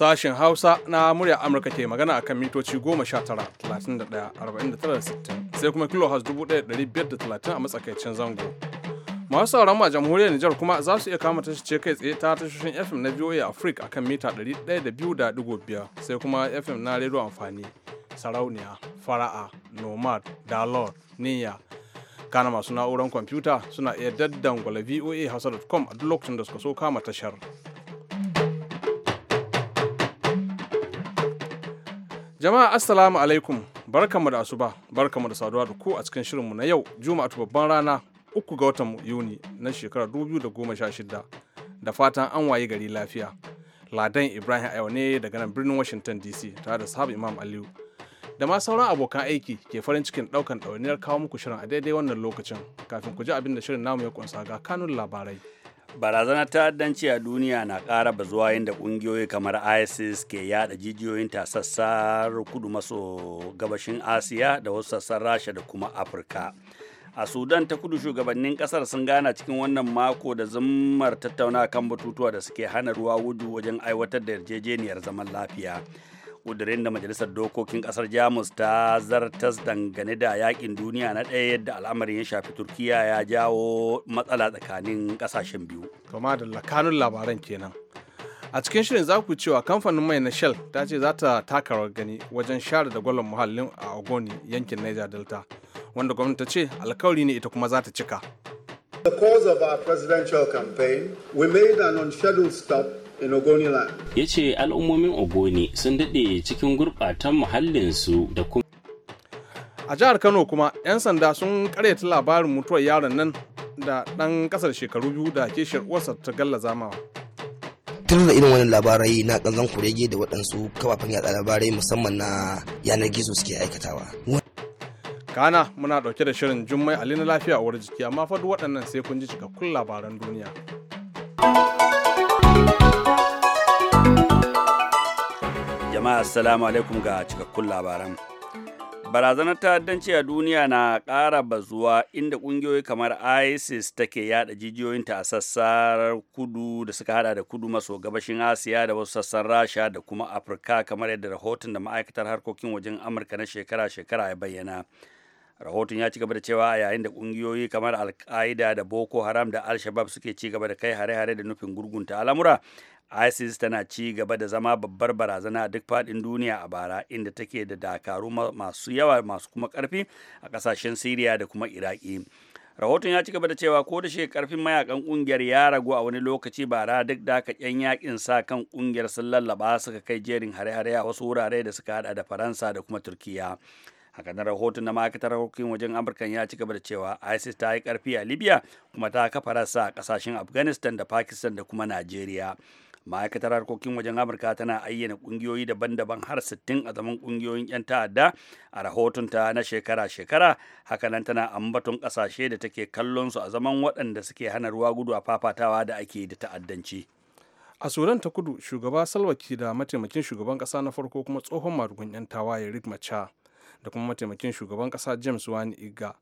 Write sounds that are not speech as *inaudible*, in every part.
Sashen Hausa na murya Amurka ke magana akan mitoci 19-31-49-60 sai kuma kilohaz 1530 a matsakaicin zango. Masu sauran ma jamhuriyar Nijar kuma za su iya kama ce kai tsaye ta tashoshin FM na VOA Africa akan mita 102.5 sai kuma FM na rediyo amfani sarauniya, fara'a, nomad, dalor, niyya, kana masu na'urar kwamfuta suna iya daddan daddangwala voa hausa.com a duk lokacin da suka so kama tashar. Jama'a Assalamu alaikum barkanmu da asuba barkanmu da saduwa da ku a cikin shirinmu na yau Juma'a Juma'atu babban rana uku ga watan Yuni na shekarar 2016 da fatan an waye gari lafiya. Ladan Ibrahim a ne daga nan birnin Washington DC tare da sahabu Imam Aliyu. Da ma sauran abokan aiki ke farin cikin ɗaukan ɗauniyar kawo muku shirin a daidai wannan lokacin kafin ku ji abin da shirin namu ya kunsa ga kanun labarai. barazanar ta'addanci a duniya na ƙara bazuwa yadda ƙungiyoyi kamar isis ke yada jijiyoyin sassar kudu maso gabashin asiya da wasu sassan rasha da kuma afirka a sudan ta kudu shugabannin kasar sun gana cikin wannan mako da zummar tattauna kan batutuwa da suke hana ruwa gudu wajen aiwatar da yarjejeniyar zaman lafiya ƙudurin da majalisar dokokin kasar jamus ta zartas dangane da yakin duniya na ɗaya yadda al'amarin ya shafi turkiya ya jawo matsala tsakanin ƙasashen biyu kama da lakanun labaran kenan a cikin shirin za ku cewa kamfanin mai na shell ta ce za ta taka rawar gani wajen share da gwalon muhallin a ogoni yankin niger delta wanda gwamnati ta ce alkawari ne ita kuma za ta cika the cause of our presidential campaign we made an unscheduled stop in Ya ce al'ummomin Ogoni sun daɗe cikin gurɓatan muhallinsu da kuma. A jihar Kano kuma 'yan sanda sun karyata labarin mutuwar yaron nan da ɗan ƙasar shekaru biyu da ke uwarsa ta galla zamawa. tun da irin wani labarai na kanzon kurege da waɗansu kafafen yatsa labarai musamman na yanar gizo suke aikatawa. kana muna ɗauke da shirin jummai ali na lafiya a jiki amma fa waɗannan sai kun ji cikakkun labaran duniya. jama'a assalamu alaikum ga cikakkun labaran barazanar ta'addanci a duniya na kara bazuwa inda ƙungiyoyi kamar isis take yada jijiyoyinta a sassarar kudu da suka hada da kudu maso gabashin asiya da wasu sassan rasha da kuma afirka kamar yadda rahoton da ma'aikatar harkokin wajen amurka na shekara-shekara ya bayyana rahoton ya ci gaba da cewa a yayin da kungiyoyi kamar al da boko haram da al-shabab suke ci gaba da kai hare-hare da nufin gurgunta al'amura isis tana ci gaba da zama babbar barazana a duk faɗin duniya a bara inda take da dakaru masu yawa masu kuma ƙarfi a ƙasashen siriya da kuma iraki rahoton ya ci gaba da cewa ko da shi karfin mayakan kungiyar ya ragu a wani lokaci bara duk da haka yan yakin sa kan kungiyar sun lallaba suka kai jerin hare-hare a wasu wurare da suka hada da faransa da kuma turkiya haka na rahoton na ma'aikatar harkokin wajen amurka ya ci gaba da cewa isis ta yi karfi a libya kuma ta kafa rasa a kasashen afghanistan da pakistan da kuma najeriya ma'aikatar harkokin wajen amurka tana ayyana kungiyoyi daban-daban har 60 a zaman kungiyoyin 'yan ta'adda a rahotonta na shekara-shekara hakanan tana ambaton kasashe da take kallon su a zaman waɗanda suke hana ruwa gudu a fafatawa da ake da ta'addanci a sudan ta kudu shugaba salwaki da mataimakin shugaban kasa na farko kuma tsohon marugun 'yan tawaye rick macha da kuma mataimakin shugaban kasa james wani iga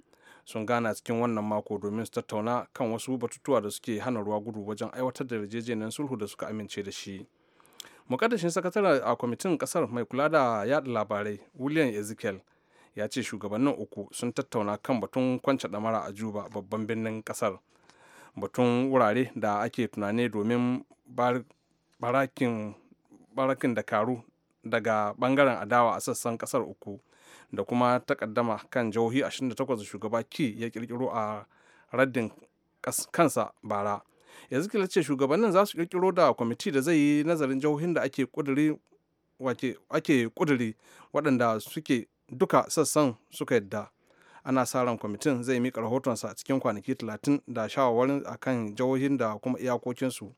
sun gana cikin wannan mako domin su tattauna kan wasu batutuwa da suke hana ruwa gudu wajen aiwatar da yarjejeniyar sulhu da suka amince da shi mukaddashin sakataren a kwamitin kasar mai kula da yada labarai william ezekiel ya ce shugabannin uku sun tattauna kan batun kwance damara a juba babban birnin kasar batun wurare da ake tunani domin barakin da dakaru daga bangaren adawa a sassan kasar uku da kuma takaddama kan jihohi 28 da shugaba ki ya kirkiro a raddin kansa bara yanzu kila ce shugabannin za su kirkiro da kwamiti da zai yi nazarin jihohin da ake kuduri kuduri waɗanda suke duka sassan suka yadda ana sa ran kwamitin zai mika rahotonsa cikin kwanaki 30 da shawarwarin akan jihohin da kuma iyakokinsu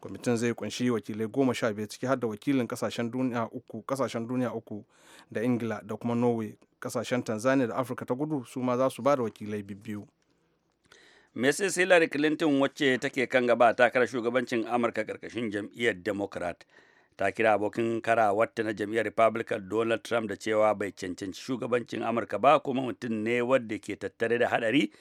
kwamitin zai kunshi wakilai goma sha biyar ciki har da wakilin kasashen duniya uku kasashen duniya uku da ingila da kuma norway kasashen tanzania da afirka ta gudu su ma za su ba da wakilai biyu mrs hillary clinton wacce take kan gaba takarar shugabancin amurka karkashin jam'iyyar democrat ta kira abokin karawarta na jam'iyyar republican donald trump da cewa bai cancanci shugabancin amurka ba kuma mutum ne wadda ke tattare da hadari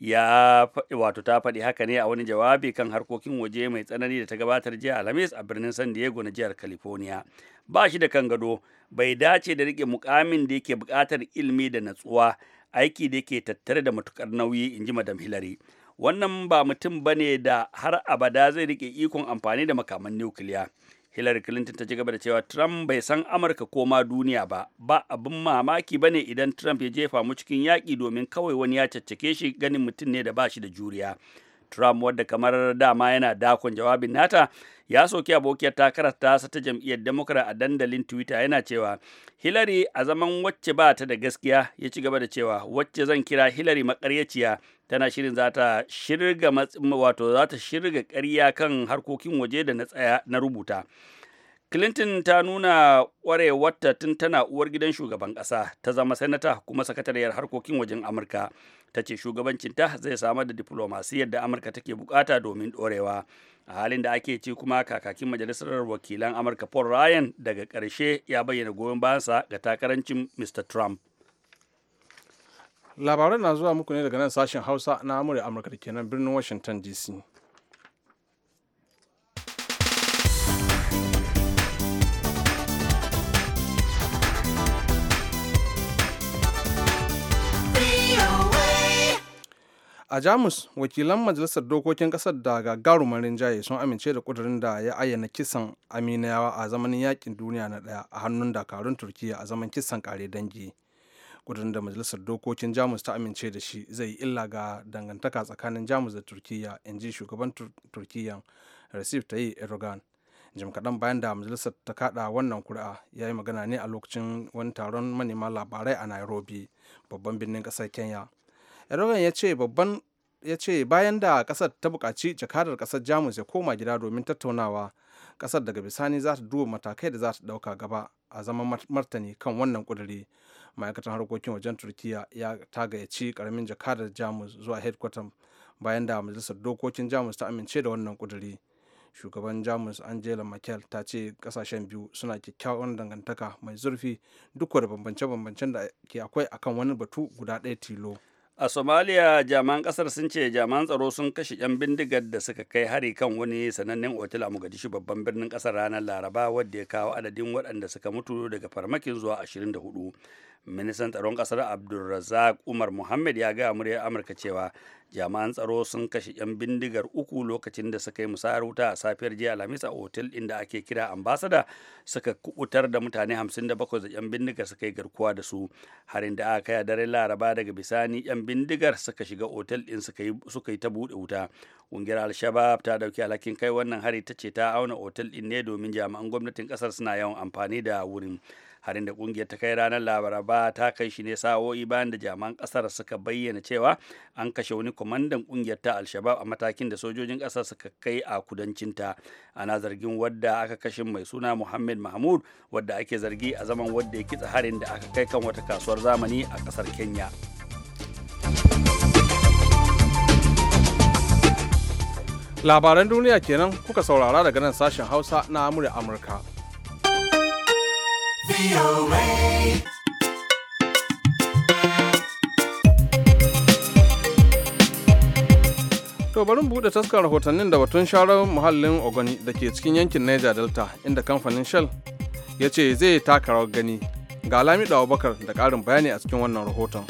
ya wato ta faɗi haka ne a wani jawabi kan harkokin waje mai tsanani da ta gabatar jiya alhamis a birnin san diego na jihar california ba shi da kan gado bai dace da rike mukamin da yake buƙatar ilimi da natsuwa aiki da yake tattare da matukar nauyi in ji madam hillary wannan ba mutum bane da har abada zai rike ikon amfani da makaman nukiliya hillary clinton ta ci gaba da cewa trump bai san amurka ko ma duniya ba ba abin mamaki ba ne idan trump ya jefa mu cikin yaƙi domin kawai wani ya caccake shi ganin mutum ne da ba shi da juriya Trump wadda kamar dama yana dakon jawabin nata ya soki abokiyar takarar tasa ta jam'iyyar Democrat a dandalin Twitter yana cewa Hillary a zaman wacce ba ta da gaskiya ya ci gaba da cewa wacce zan kira Hillary makaryaciya tana shirin za ta shirga wato za ta shirga ƙarya kan harkokin waje da na tsaya na rubuta. Clinton ta nuna ƙwarewarta tun tana uwar gidan shugaban ƙasa ta zama sanata kuma sakatariyar harkokin wajen Amurka. ta ce shugabancinta zai samar da diplomasiyar da amurka take bukata domin dorewa a halin da ake ci kuma kakakin majalisar wakilan amurka paul ryan daga ƙarshe ya bayyana goyon bayansa ga takarancin mr trump labaran na zuwa muku ne daga nan sashen hausa na amurka da kenan birnin washington dc a jamus wakilan majalisar dokokin kasar da gagarumin rinjaye sun amince da kudurin da ya ayyana kisan aminiyawa a zamanin yakin duniya na daya a hannun dakarun turkiya a zaman kisan kare dangi kudurin da majalisar dokokin jamus ta amince da shi zai illa ga dangantaka tsakanin jamus da turkiya in ji shugaban turkiya ta tayyip erdogan jim kaɗan bayan da majalisar ta kaɗa wannan kuri'a ya yi magana ne a lokacin wani taron manema labarai a nairobi babban birnin ƙasar kenya erdogan ya ce bayan da kasar ta bukaci jakadar kasar jamus ya koma gida domin tattaunawa kasar daga bisani za ta duba matakai da za ta ɗauka gaba a zaman martani kan wannan kuduri ma'aikatan harkokin wajen turkiya ya ta gayyaci karamin jakadar jamus zuwa headquarter bayan da majalisar dokokin jamus ta amince da wannan kuduri shugaban jamus angela merkel ta ce kasashen biyu suna kyakkyawan dangantaka mai zurfi duk da bambance-bambancen da ke akwai akan wani batu guda ɗaya tilo A Somalia jaman kasar sun ce jaman tsaro sun kashe 'yan bindigar da suka kai hari kan wani sanannen otal a Mogadishu babban birnin kasar ranar Laraba wadda ya kawo adadin waɗanda suka mutu daga farmakin zuwa 24. ministan tsaron kasar abdulrazak umar muhammad ya gaya muryar amurka cewa jami'an tsaro sun kashe 'yan bindigar uku lokacin da suka yi musayar wuta a safiyar jiya alhamis a otel inda ake kira ambasada suka kubutar da mutane 57 da 'yan bindigar suka yi garkuwa da su harin da aka kaya dare laraba daga bisani 'yan bindigar suka shiga otel din suka yi ta buɗe wuta ƙungiyar alshabab ta ɗauki alhakin kai wannan hari ta ce ta auna otel din ne domin jami'an gwamnatin ƙasar suna yawan amfani da wurin harin da kungiyar ta kai ranar laraba ta kai shi ne sa'o'i bayan da jaman kasar suka bayyana cewa an kashe wani kwamandan kungiyar ta alshabab a matakin da sojojin kasar suka kai a kudancin ta ana zargin wadda aka kashe mai suna muhammad mahmud wadda ake zargi a zaman wadda ya kitsa harin da aka kai kan wata kasuwar zamani a kasar kenya labaran duniya kenan kuka saurara daga nan sashen hausa na amurka To bari buɗe taskar rahotannin da batun sharar muhallin Ogoni da ke cikin yankin Niger Delta inda kamfanin Shell ya ce zai taka rawar gani. Ga da Abubakar da karin bayani a cikin wannan rahoton.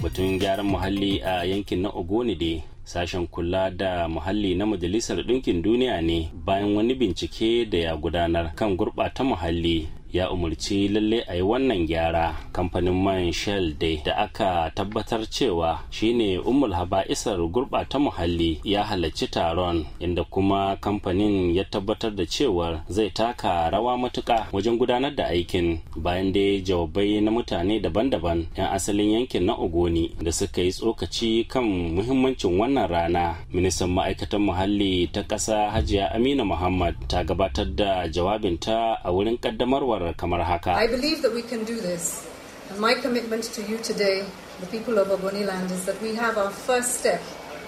Batun gyaran muhalli a yankin na Ogoni dai sashen kula da muhalli na majalisar ɗinkin duniya ne bayan wani bincike da ya gudanar kan gurɓata muhalli ya umarci lalle a yi wannan gyara kamfanin man shell dai da aka tabbatar cewa shine umul haba'isar gurɓata muhalli ya halarci taron inda kuma kamfanin ya tabbatar da cewar zai taka rawa matuƙa wajen gudanar da aikin bayan dai jawabai na mutane daban-daban 'yan asalin yankin na ogoni da suka yi tsokaci kan muhimmancin wannan rana ministan ma'aikatan muhalli ta ƙasa hajiya amina muhammad ta gabatar da jawabinta a wurin ƙaddamarwar haka I believe that we can do this and my commitment to you today the people of Ogoniland is that we have our first step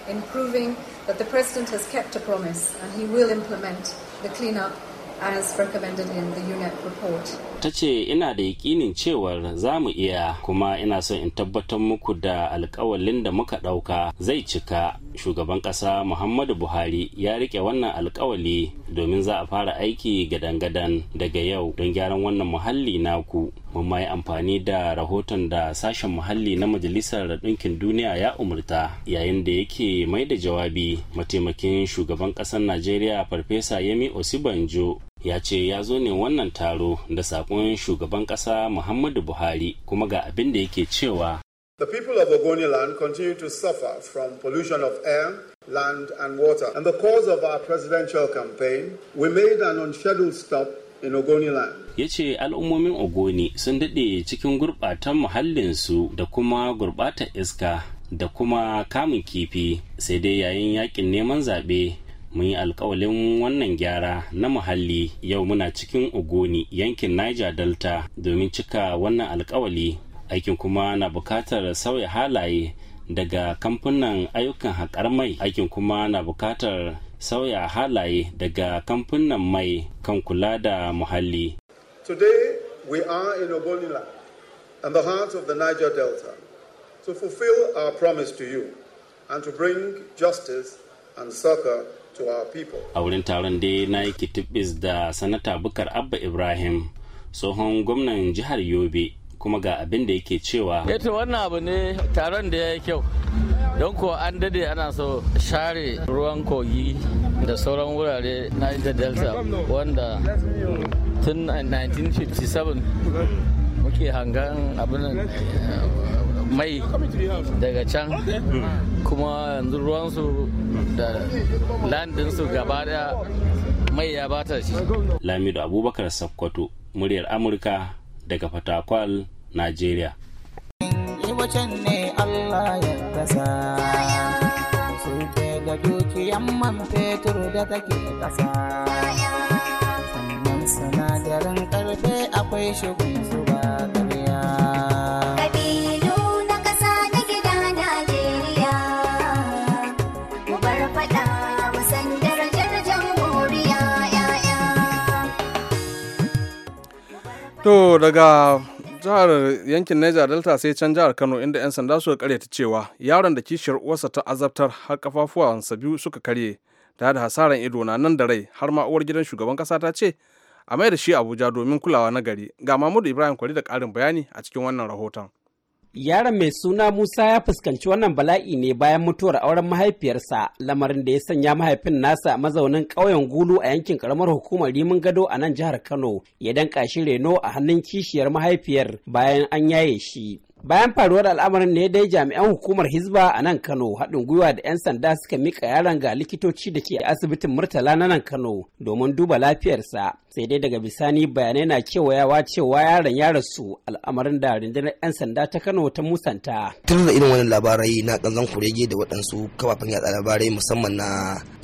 in proving that the president has kept a promise and he will implement the cleanup as recommended in the UNEP report. ta ce ina da yakinin cewar za mu iya kuma ina son in tabbatar muku da alkawalin da muka ɗauka zai cika shugaban ƙasa muhammadu buhari ya rike wannan alkawali domin za a fara aiki gadan-gadan daga yau don gyaran wannan muhalli naku mun mayi amfani da rahoton da sashen muhalli na majalisar ɗinkin duniya ya umurta yayin da yake mai da jawabi mataimakin shugaban ƙasar najeriya farfesa yemi osibanjo ya ce ya zo ne wannan taro da saƙon shugaban ƙasa muhammadu buhari kuma ga abin da yake cewa The people of Ogoniland continue to suffer from pollution of air, land and water. And the cause of our presidential campaign, we made an unscheduled stop in Ogoniland. Ya ce al'ummomin Ogoni sun daɗe cikin gurɓatan muhallinsu da kuma gurɓatar iska da kuma kamun kifi sai dai yayin yakin neman zaɓe mun yi alkawalin wannan gyara na muhalli yau muna cikin ogoni yankin niger delta domin cika wannan alkawali aikin kuma na bukatar sauya halaye daga kamfunan ayyukan haƙar mai aikin kuma na bukatar sauya halaye daga kamfunan mai kan kula da muhalli today we are in land and the heart of the niger delta to fulfill our promise to you and to bring justice and soccer to our people. A wurin taron dai na yi kitibis da sanata Bukar Abba Ibrahim tsohon gwamnan jihar Yobe kuma ga abin da yake cewa. Eto eh wannan abu ne taron da ya yi kyau. Don ko an dade ana so share ruwan kogi da sauran wurare na Delta wanda tun 1957 muke hangan abin mai daga can kuma yanzu ruwansu da landinsu gaba da mai ya bata shi lamido abubakar sakkwato muryar amurka daga fatakwal nigeria sanadarin ne allah ya su dukiyan man fetur da kasa sinadarin karfe akwai shigun su ba daga jihar yankin Niger Delta sai can jihar Kano inda 'yan sanda suka karyata cewa yaron da kishiyar uwarsa ta azabtar har sa biyu suka karye da da hasaran ido na nan da rai har ma uwar gidan shugaban kasa ta ce a mai da shi Abuja domin kulawa na gari. Ga Mahmud Ibrahim Kwari da ƙarin bayani a cikin wannan rahoton. Yaron mai suna Musa ya fuskanci wannan bala'i ne bayan mutuwar auren mahaifiyarsa lamarin da ya sanya mahaifin nasa mazaunin ƙauyen Gulu a yankin karamar hukumar Rimin Gado a nan jihar Kano ya danka shi reno a hannun kishiyar mahaifiyar bayan an yaye shi. bayan faruwar al'amarin ne dai jami'an hukumar hizba a nan kano haɗin gwiwa da 'yan sanda suka mika yaron ga likitoci da ke asibitin murtala na nan kano domin duba lafiyarsa sai dai daga bisani bayanai na kewayawa cewa yaron ya rasu al'amarin da rundunar 'yan sanda ta kano ta musanta tun da irin wani labarai na ƙanzan kurege da waɗansu kafafen yatsa labarai musamman na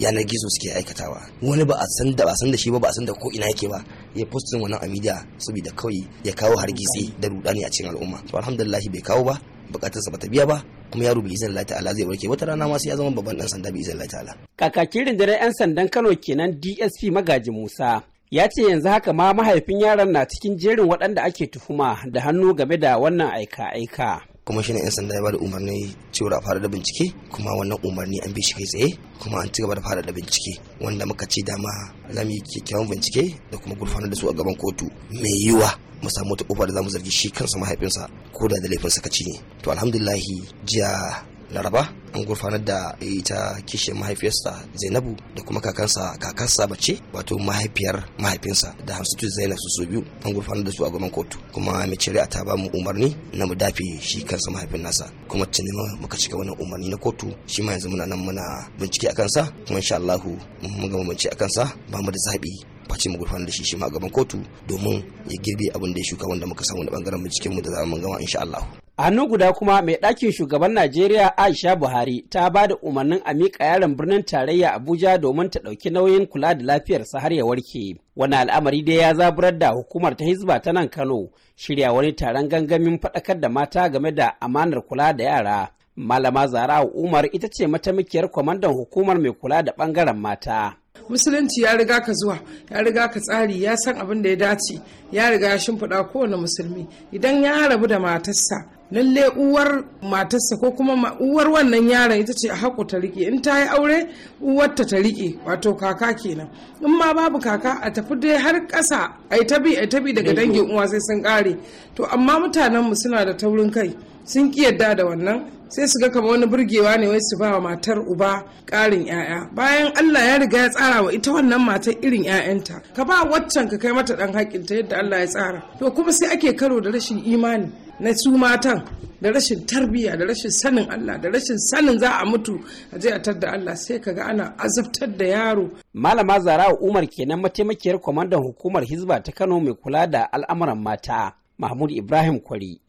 yanar gizo suke aikatawa wani ba a san da san da shi ba ba a san da ko ina yake ba ya postin wannan a media saboda kawai ya kawo hargitsi da rudani a cikin al'umma alhamdulillah aiki bai kawo ba bukatarsa bata biya ba kuma yaro bai izin lati ala zai warke wata rana ma sai ya zama babban dan sanda bai izin lati ala kakakin rundunar yan sandan Kano kenan DSP Magaji Musa ya ce yanzu haka ma mahaifin yaron na cikin jerin waɗanda ake tuhuma da hannu game da wannan aika-aika kuma shine yan sanda ya bada umarni cewa a fara da bincike kuma wannan umarni an bi shi kai tsaye kuma an ci gaba da fara da bincike wanda muka ci dama lami ke kyakkyawan bincike da kuma gurfanar da su a gaban kotu mai yiwa mu samu wata kofa da za mu zargi shi kansa mahaifinsa ko da da laifin ci ne to alhamdulillahi jiya laraba an gurfanar da ita kishiyar mahaifiyarsa zainabu da kuma kakansa kakarsa bace wato mahaifiyar mahaifinsa da hamsatu zainab su biyu an gurfanar da su a gaban kotu kuma mai a ta ba mu umarni na mu dafe shi kansa mahaifin nasa kuma tuni muka cika wannan umarni na kotu shi ma yanzu muna nan muna bincike a kansa kuma insha Allah mun gama bincike a kansa ba mu da zabi face mu gurfanar da shi shi ma a gaban kotu domin ya girbe abin da ya shuka wanda muka samu da bangaren mu mu da za mu gama insha Allah a hannun guda kuma mai ɗakin shugaban najeriya aisha buhari ta ba da umarnin a miƙa yaron birnin tarayya abuja domin ta ɗauki nauyin kula da lafiyarsa har ya warke wani al'amari dai ya zaburar da hukumar ta hizba ta nan kano shirya wani taron gangamin faɗakar da mata game da amanar kula da yara malama zara umar ita ce mataimakiyar kwamandan hukumar mai kula da ɓangaren mata musulunci ya riga ka zuwa ya riga ka tsari ya san abin da ya dace ya riga ya shimfiɗa kowane musulmi idan ya rabu da matarsa lalle uwar matarsa ko kuma uwar wannan yaron ita ce haƙo ta riƙe. in ta yi aure uwarta ta riƙe. wato kaka kenan in ma babu kaka a tafi dai har ƙasa ai tabi ai tabi daga dangin uwa sai sun ƙare to amma mutanen mu suna da taurin kai sun ki yadda da wannan sai su ga kama wani burgewa ne wai su ba wa matar uba ƙarin 'ya'ya bayan Allah ya riga ya tsara wa ita wannan matar irin 'ya'yanta ka ba waccan ka kai mata ɗan haƙinta yadda Allah ya tsara to kuma sai ake karo da rashin imani na su matan da rashin tarbiyya da rashin sanin Allah da rashin sanin za a mutu a je a tadda Allah sai kaga ana azabtar da yaro. Malama Zara Umar kenan mataimakiyar kwamandan hukumar Hizba ta Kano mai kula da al'amuran mata Mahmud Ibrahim Kwari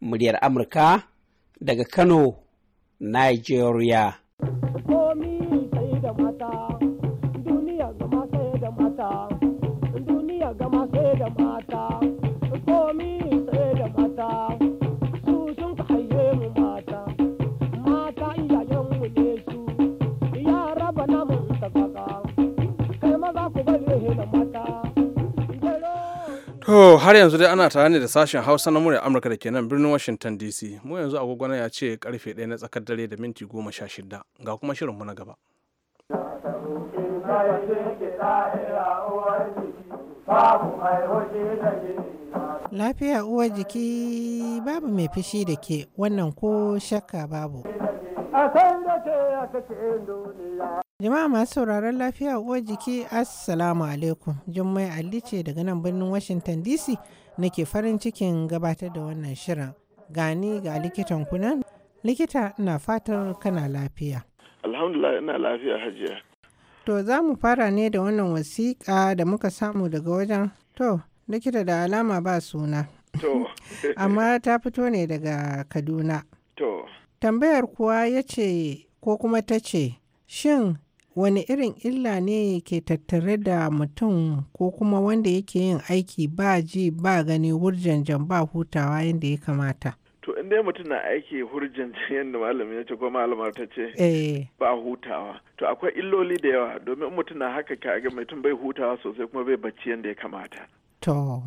muryar Amurka daga Kano, Nigeria. To har yanzu dai ana tare ne da sashen Hausa na murya Amurka da ke nan birnin Washington DC. Mu yanzu agogona ya ce karfe 1 na tsakar dare da minti sha 16 ga kuma shirin mu na gaba. Lafiya uwar jiki babu mai fushi da ke wannan ko shakka babu. Jama'a masu sauraron lafiya uwar jiki Assalamu alaikum. Jummai Ali ce daga nan birnin Washington DC nake farin cikin gabatar da wannan shirin. Gani ga likitan kunan. Likita na fatar kana lafiya. Alhamdulillah ina lafiya hajiya. To za mu fara ne da wannan wasiƙa da muka samu daga wajen to likita da alama ba suna. To. *laughs* Amma ta fito ne daga Kaduna. To. Tambayar kuwa ya ce ko kuma ta ce shin wani irin illa ne ke tattare da mutum ko kuma wanda yake yin aiki ba ji ba gani wurjanjan ba hutawa yadda ya kamata to in mutum na aiki hurjanjan yadda malam ya ce ko malamar ta ce eh. ba hutawa to akwai illoli da yawa domin mutum na haka kaga mutum bai hutawa sosai kuma bai bacci yadda ya kamata to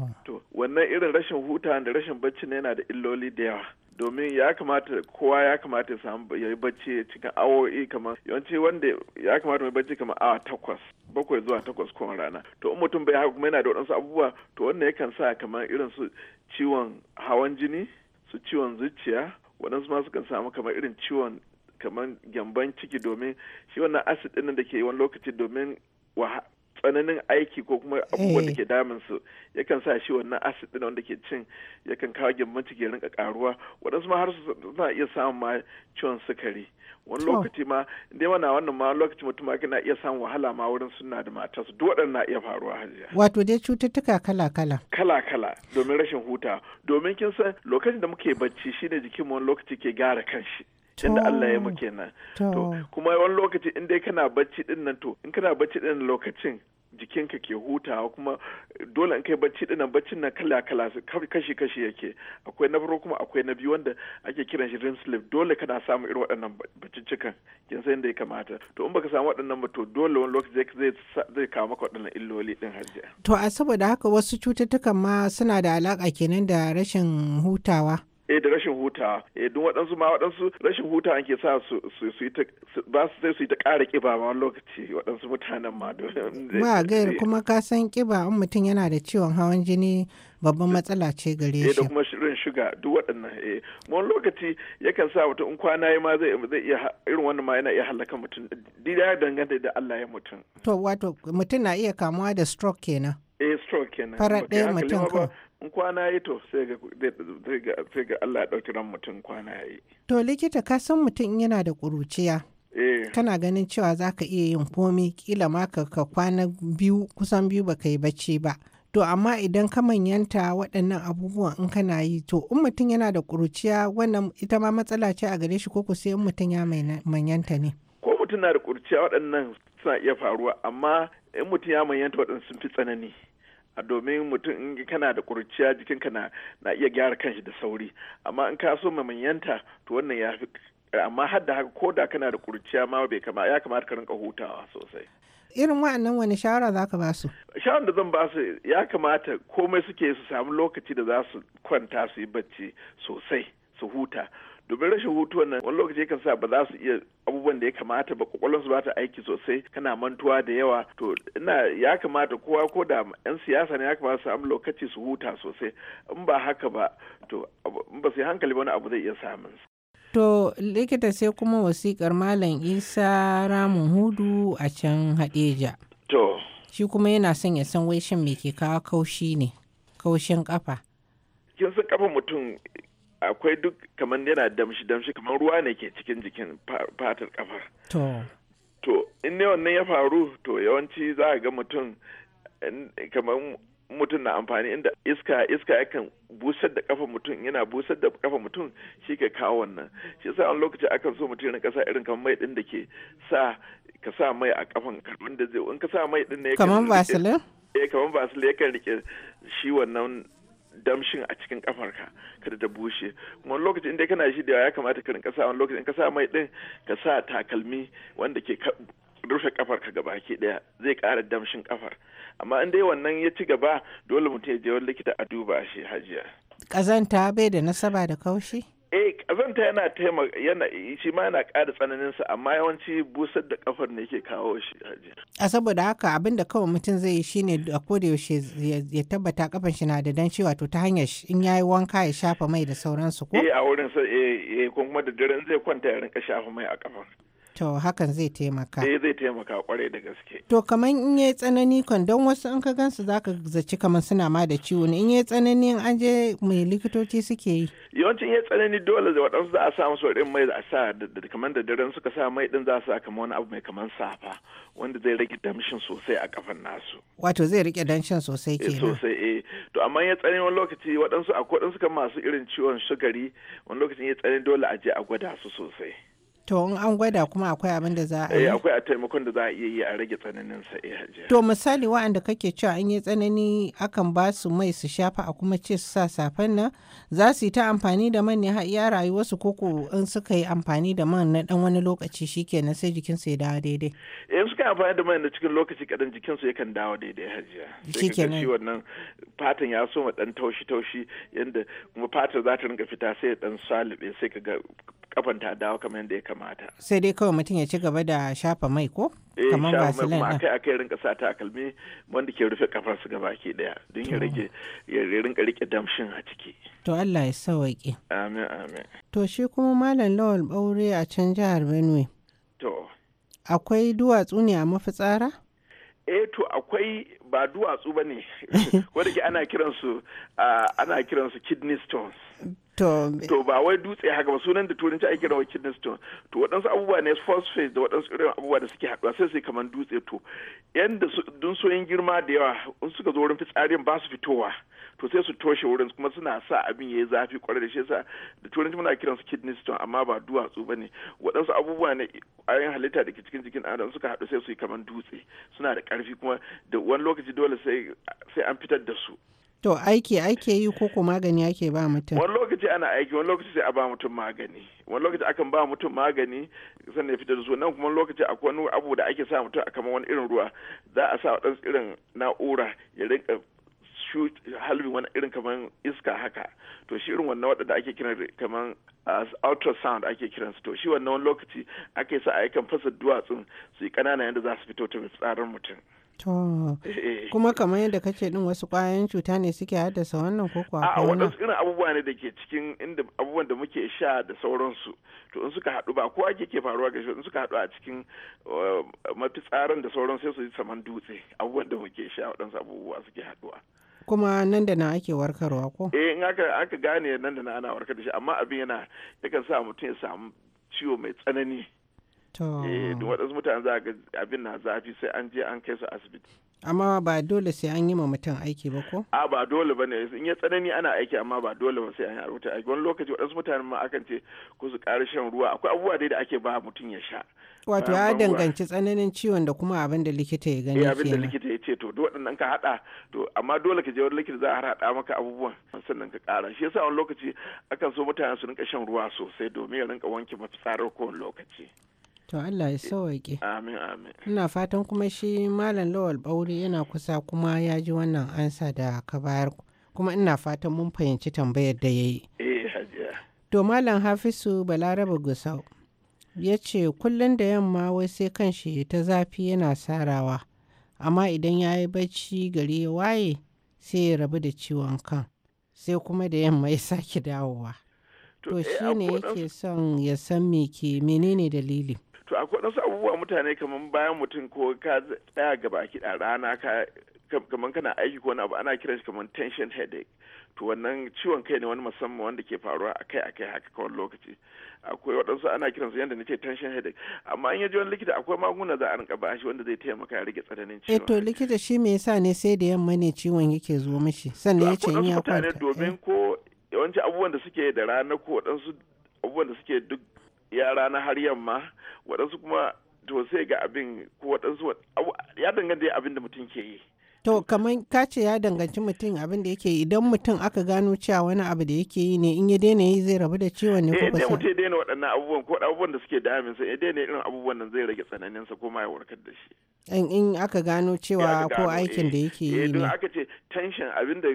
wannan irin rashin hutawa da rashin bacci ne yana da illoli da yawa domin ya kamata kowa ya kamata ya samu ya yi bacci cikin awowi kamar yawanci wanda ya kamata mai bacci kamar awa takwas bakwai zuwa takwas kowane rana to in mutum bai haka kuma yana da waɗansu abubuwa to wannan yakan sa kamar irin su ciwon hawan jini su ciwon zuciya waɗansu ma sukan samu kamar irin ciwon kamar gyamban ciki domin shi wannan acid ɗin da ke yi wani lokaci domin tsananin aiki ko kuma abubuwan da eh. ke damun su yakan sa shi wannan acid din wanda ke cin yakan kawo gyambon ciki ya rinka karuwa waɗansu ma har su na iya samun ma ciwon sukari wani lokaci ma dai mana wannan ma lokaci mutum ma na iya samun wahala ma wurin suna da matarsu duk waɗannan na iya faruwa hajiya wato dai cututtuka kala kala kala kala domin rashin huta domin kin san lokacin da muke bacci shine jikin mu wani lokaci ke gyara kanshi da Allah ya muke nan to kuma wani lokaci in dai kana bacci din nan to in kana bacci din lokacin jikinka ke hutawa kuma dole in kai bacci nan baccin na kala kala kashi kashi yake akwai na kuma akwai na biyu wanda ake kiran shi REM sleep dole kana samu irin waɗannan cikan kin san da ya kamata to in baka samu waɗannan ba to dole wani lokaci zai zai kawo maka waɗannan illoli din harje to a saboda haka wasu cututtukan ma suna da alaƙa kenan da rashin hutawa eh da rashin huta eh duk waɗansu ma waɗansu rashin huta an ke sa su su yi ta ba su sai su yi ta ƙara ƙiba ma lokaci waɗansu mutanen ma ba *laughs* gair kuma ka san ƙiba in mutum yana da ciwon hawan jini babban matsala ce gare eh, shi da kuma shirin shuga duk waɗannan eh wani lokaci yakan sa mutum in kwana ya ma zai zai iya irin wannan ma yana iya halaka mutum ya danganta da Allah ya mutum to wato mutum na iya kamuwa da stroke kenan eh stroke kenan farar ɗaya mutum in kwana ya yi to sai ga Allah ya ɗauki ran mutum kwana yi. To likita ka san mutum yana da ƙuruciya. Eh. Kana ganin cewa za ka iya yin komi kila ma ka kwana biyu kusan biyu ba ka yi bacci ba. To amma idan ka manyanta waɗannan abubuwan in kana yi to in mutum yana da ƙuruciya wannan ita ma matsala ce a gare shi ko ku sai in mutum ya manyanta ne. Ko mutum na da ƙuruciya waɗannan suna iya faruwa amma in mutum ya manyanta waɗannan sun fi tsanani. domin mutum in kana da kurciya jikinka na na iya gyara kanshi da sauri amma in ka so mamanyanta to wannan ya fi amma har da haka ko da kana da kurciya ma bai kama ya kamata ka rinka hutawa sosai irin wa'annan wani shawara za ka ba su? Shawarar da zan ba su ya kamata komai suke su samu lokaci da za su kwanta su yi bacci sosai su huta domin rashin hutu nan wani lokaci kan sa ba za su iya abubuwan da ya kamata ba kwakwalwar su ba ta aiki sosai kana mantuwa da yawa to ina ya kamata kowa ko da yan siyasa ne ya kamata su samu lokaci su huta sosai in ba haka ba to in ba su yi hankali wani abu zai iya samun To likita sai kuma wasikar Malam Isa Ramun Hudu a can Hadeja. To. Shi kuma yana son ya san wai shin me ke kawo kaushi ne, kaushin kafa. Kin san kafa mutum akwai duk kamar yana damshi damshi kamar ruwa ne ke cikin jikin fatar kafar to to in ne wannan ya faru to yawanci za a ga mutum kamar mutum na amfani inda iska iska yakan busar da kafa mutum yana busar da kafa mutum shi ka kawo wannan shi yasa wani lokaci akan so mutum na kasa irin kamar mai din da ke sa ka sa mai a kafan wanda zai in ka sa mai din ne kamar vaseline eh kamar vaseline yakan rike shi wannan damshin a cikin kafarka kada ta bushe kuma lokacin inda kana shi da ya kamata ka rinka sa wani lokacin ka sa mai din ka sa takalmi wanda ke rufe kafar ka gaba ke daya zai kara damshin kafar amma in dai wannan ya ci gaba dole mutum ya je wani likita a duba shi hajiya kazanta bai da nasaba da kaushi eh kazanta yana taimaka yana shi ma yana ƙara tsananin sa amma yawanci busar da kafar ne ke kawo shi haji a saboda haka abin da kawai mutum zai yi shine a koda yaushe ya tabbata kafan shi na da danci wato ta hanyar in yayi wanka ya shafa mai da sauransu ko eh a wurin sa eh, eh kuma da daren zai kwanta ya rinka shafa mai a kafan To hakan zai taimaka. Eh zai taimaka kwarai da gaske. To kamar in yayi tsanani kan don wasu in ka gansu zaka zaci kamar suna ma da ciwo ne in yayi tsanani an je mai likitoci suke yi. Yawancin yayi tsanani dole da waɗansu za a sa musu irin mai a sa kamar da daren suka sa mai din za su sa kamar wani abu mai kamar safa wanda zai rage damshin sosai a kafan nasu. Wato zai rike damshin sosai eh, kenan. Sosai eh to amma ya tsanani wani lokaci waɗansu akwai waɗansu kamar masu irin ciwon sugari wani lokacin ya tsanani dole a je a gwada su sosai. To in an gwada kuma akwai abin da za a eh, yi. akwai a taimakon da za a iya yi a rage tsananin sa eh To misali wa'anda kake cewa an yi tsanani akan ba su mai su shafa a kuma ce su sa safan nan za su yi ta amfani da man ne har iya rayuwarsu koko in suka yi amfani da man na dan wani lokaci shikenan sai jikinsu ya dawo daidai. Eh, in suka yi amfani da man na cikin lokaci kadan jikinsu yakan dawo daidai hajiya. Shikenan. Sai wannan fatan ya soma dan taushi taushi yanda kuma fatar za ta rinka fita sai ya dan salibe sai ka ga kafan ta dawo kamar yadda ya mata. sai dai kawai mutum ya ci gaba da shafa mai ko Eh, kamar vaseline ma akai akai rinka sa takalmi wanda ke rufe kafar su gaba ke daya don ya rage ya rinka rike damshin a ciki to Allah ya sawaƙi. amin amin to shi kuma malam lawal baure a can jihar Benue to akwai duwatsu ne a mafitsara eh to akwai ba duwatsu bane wanda *laughs* ke ana kiransu ah, ana kiransu kidney stones to ba wai dutse haka ba sunan da turanci ake rawa kidney stone to waɗansu abubuwa ne phosphate da waɗansu irin abubuwa da suke haɗuwa sai sai kamar dutse to yanda dunsoyin girma da yawa in suka zo wurin fitsarin ba su fitowa to sai su toshe wurin kuma suna sa abin ya yi zafi kwarai da shi yasa da turanci muna kiransu kidney stone amma ba duwatsu ba ne waɗansu abubuwa ne ayin halitta da ke cikin jikin adam suka haɗu sai su yi kamar dutse suna da ƙarfi kuma da wani lokaci dole sai an fitar da su To aiki ake yi ko ko magani ake ba mutum? Wani lokaci ana aiki, wani lokaci sai a ba mutum magani. Wani lokaci akan ba mutum magani sannan ya fita da su nan kuma lokaci akwai wani abu da ake sa mutum a kamar wani irin ruwa. Za a sa wa irin na'ura ya rinka halbin wani irin kamar iska haka to shi irin wannan wadanda ake kiran kamar ultrasound ake kiran su to shi wannan lokaci ake sa a yakan fasa duwatsun su yi ƙanana yadda za su fito ta tsarin mutum. To, eh. kuma kamar yadda kace din wasu ƙwayoyin cuta ne suke haddasa wannan ko kuwa A waɗansu irin abubuwa ne da ke cikin inda abubuwan da muke sha da sauransu. To in suka haɗu ba ko ake ke faruwa ga shi in suka haɗu a cikin eh, mafitsarin da sauran sai su yi saman dutse abubuwan da muke sha waɗansu abubuwa suke haɗuwa. kuma nan da na ake warkarwa ko? Eh in aka aka gane nan da na ana warkar da shi amma abin yana yakan sa mutum ya samu ciwo mai tsanani eh wadansu waɗansu mutane za ga abin na zafi sai an je an kai su asibiti amma ba dole sai an yi ma mutum aiki ba ko a ba dole ba ne in ya tsanani ana aiki amma ba dole ba sai an yi rubuta aiki wani lokaci waɗansu mutane ma akan ce ku su ƙara shan ruwa akwai abubuwa dai da ake ba mutum ya sha wato ya danganci tsananin ciwon da kuma abin da likita ya gani eh, abin da likita ya ce to duk waɗannan ka haɗa to amma dole ka je wani likita za a haɗa maka abubuwan sannan ka ƙara shi yasa wani lokaci akan so mutane su rinka shan ruwa sosai domin ya rinka wanke mafitsarar kowane lokaci To Allah ya sauwaƙe. Amin amin. Ina fatan kuma shi Malam Lawal Bauri yana kusa kuma ya ji wannan ansa da ka bayar kuma ina fatan mun fahimci tambayar da ya yi. Eh hajiya. To Malam Hafisu Balarabe Gusau ya ce kullum da yamma wai sai kan shi ta zafi yana sarawa amma idan ya yi bacci gari ya waye sai ya rabu da ciwon kan sai kuma da yamma ya sake dawowa. To eh, shi ne yake son ya san me ke menene dalili. to akwai wasu abubuwa mutane kamar bayan mutum ko ka tsaya gaba da rana ka kamar kana aiki ko wani abu ana kiran shi kamar tension headache to wannan ciwon kai ne wani musamman wanda ke faruwa akai akai haka kawai lokaci akwai waɗansu ana kiran su yadda nake tension headache amma in ya ji wani likita akwai magunguna za a rinka ba shi wanda zai taimaka ya rage tsananin ciwon eh to likita shi me yasa ne sai da yamma ne ciwon yake zuwa mishi sannan ya ce in ya kwanta eh. domin ko yawanci abubuwan da suke da rana ko waɗansu abubuwan da suke duk yara na har yamma waɗansu kuma to sai ga abin ko waɗansu ya danganta abin da mutum ke yi to kamar ka ce ya danganci mutum abin da yake idan mutum aka gano cewa wani abu da yake yi ne in ya daina yi zai rabu da ciwon ne ko eh, ba sai mutum daina waɗannan abubuwan ko abubuwan da suke damin sa ya daina irin abubuwan nan zai rage tsananin sa ko ma ya warkar da shi in aka gano cewa ko eh. aikin da yake eh, yi ne aka ce tension abin da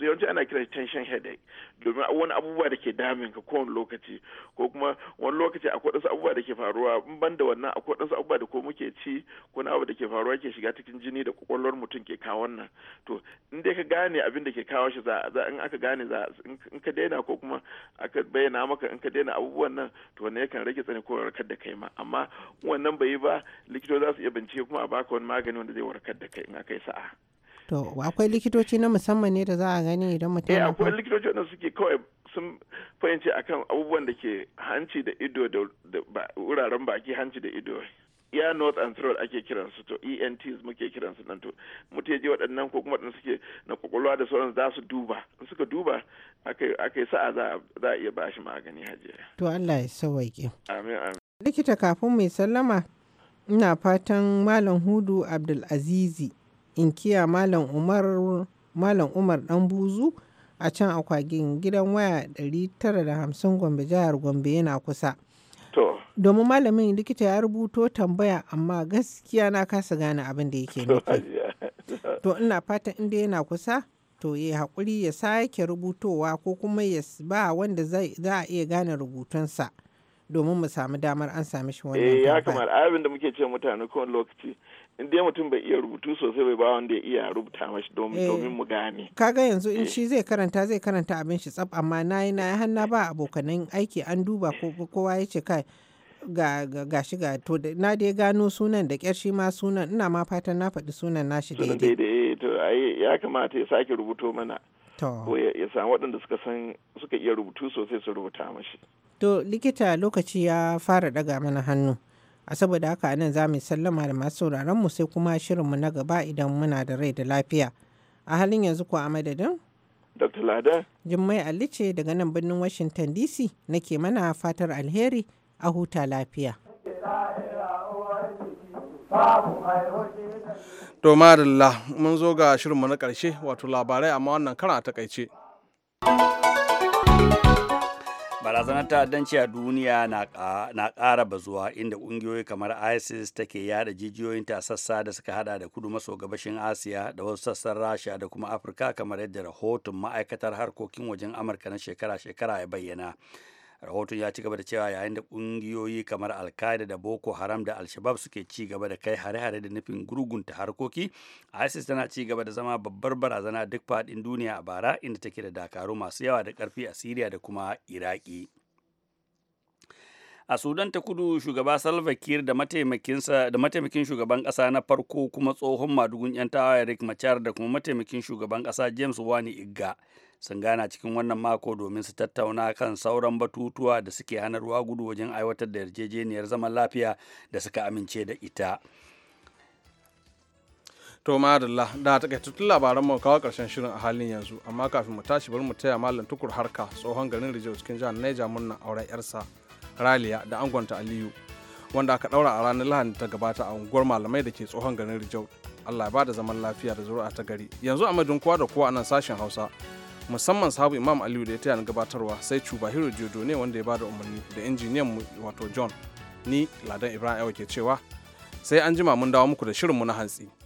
yawanci ana kira tension headache domin wani abubuwa da ke damin ka kowane lokaci ko kuma wani lokaci akwai wasu abubuwa da ke faruwa in ban da wannan akwai wasu abubuwa da ko muke ci ko na abu da ke faruwa ke shiga cikin jini da kwakwalwar mutum ke kawo wannan to in dai ka gane abin da ke kawo shi za in aka gane za in ka daina ko kuma aka bayyana maka in ka daina abubuwan nan to wannan yakan rage tsanin ko da kai ma amma wannan bai yi ba likito za su iya bincike kuma a baka wani magani wanda zai warkar da kai in aka yi sa'a to akwai likitoci na musamman ne da za a gani idan mutum eh akwai likitoci wanda suke kawai sun fahimci akan abubuwan da ke hanci da ido da wuraren baki hanci da ido ya north and throat ake kiransu to ents muke kiransu nan to mutu je waɗannan ko kuma ɗin suke na kwakwalwa da sauran za su duba in suka duba aka yi sa'a za a iya bashi magani hajiya to allah ya sawaike amin amin likita kafin mai sallama Ina fatan Malam Hudu Abdul'azizi kiya Malam Umar dan buzu a can akwagin gidan waya 950 Gombe jihar Gombe yana kusa. To. Domin malamin likita ya rubuto tambaya amma gaskiya na kasa gane abin da yake nufi. *laughs* To ina fatan inda yana kusa to ya haƙuri ya sake rubutowa ko kuma ya ba wanda za a iya gane rubutunsa. domin mu samu damar an sami shi wannan eh, ya kamar abin da muke ce mutane kowane lokaci in dai mutum bai iya rubutu sosai bai ba wanda ya iya rubuta mashi eh, domin mu gane kaga yanzu in eh. shi zai karanta zai karanta abin shi tsab amma nayi na hanna ba abokanan aiki an duba ko kowa ya ce kai ga ga shi ga to na dai gano sunan da kyar shi ma sunan ina ma fatan na faɗi sunan nashi daidai daidai to ya kamata ya sake rubuto mana ko ya samu waɗanda suka suka iya rubutu sosai su rubuta mashi To likita lokaci ya fara daga mana hannu. A saboda haka anan za mu sallama da masu sauraron mu sai kuma shirinmu na gaba idan muna da rai da lafiya. A halin yanzu kuwa a madadin? Dr. Lada. Jummai alice daga nan birnin Washington DC nake mana fatar alheri a huta lafiya. To madalla mun zo ga shirinmu na ƙarshe wato labarai amma wannan kara a takaice. barazanar ta'addanci a duniya na ƙara bazuwa inda ƙungiyoyi kamar isis take yada jijiyoyinta sassa da suka hada da kudu maso gabashin asiya da wasu sassan rasha da kuma afirka kamar yadda rahoton ma'aikatar harkokin wajen amurka na shekara-shekara ya bayyana rahoton ya ci gaba da cewa yayin da ƙungiyoyi kamar alkaida da boko haram da alshabab suke ci gaba da kai hare-hare da nufin gurgunta harkoki isis tana ci gaba da zama babbar barazana duk faɗin duniya a bara inda take da dakaru masu yawa da ƙarfi a siriya da kuma iraki a sudan ta kudu shugaba salva kiir da mataimakin shugaban kasa na farko kuma tsohon madugun yan tawaye rick machar da kuma mataimakin shugaban kasa james wani igga sun gana cikin wannan mako domin su tattauna kan sauran batutuwa da suke hanarwa gudu wajen aiwatar da yarjejeniyar zaman lafiya da suka amince da ita to madalla da ta kai tutun labaran mu kawo karshen shirin a halin yanzu amma kafin mu tashi bari mu taya mallam tukur harka tsohon garin Rijau cikin jihar Niger murna auren yarsa raliya da angonta aliyu wanda aka daura a ranar lahadi ta gabata a unguwar malamai da ke tsohon garin rijau allah ya bada zaman lafiya da zuri'a ta gari yanzu a madun kowa da kowa a nan sashen hausa musamman sahabu imam aliyu da ya taya gabatarwa sai cuba hiro jodo ne wanda ya bada umarni da injiniyan mu wato john ni ladan ibrahim ke cewa sai an jima mun dawo muku da shirinmu na hantsi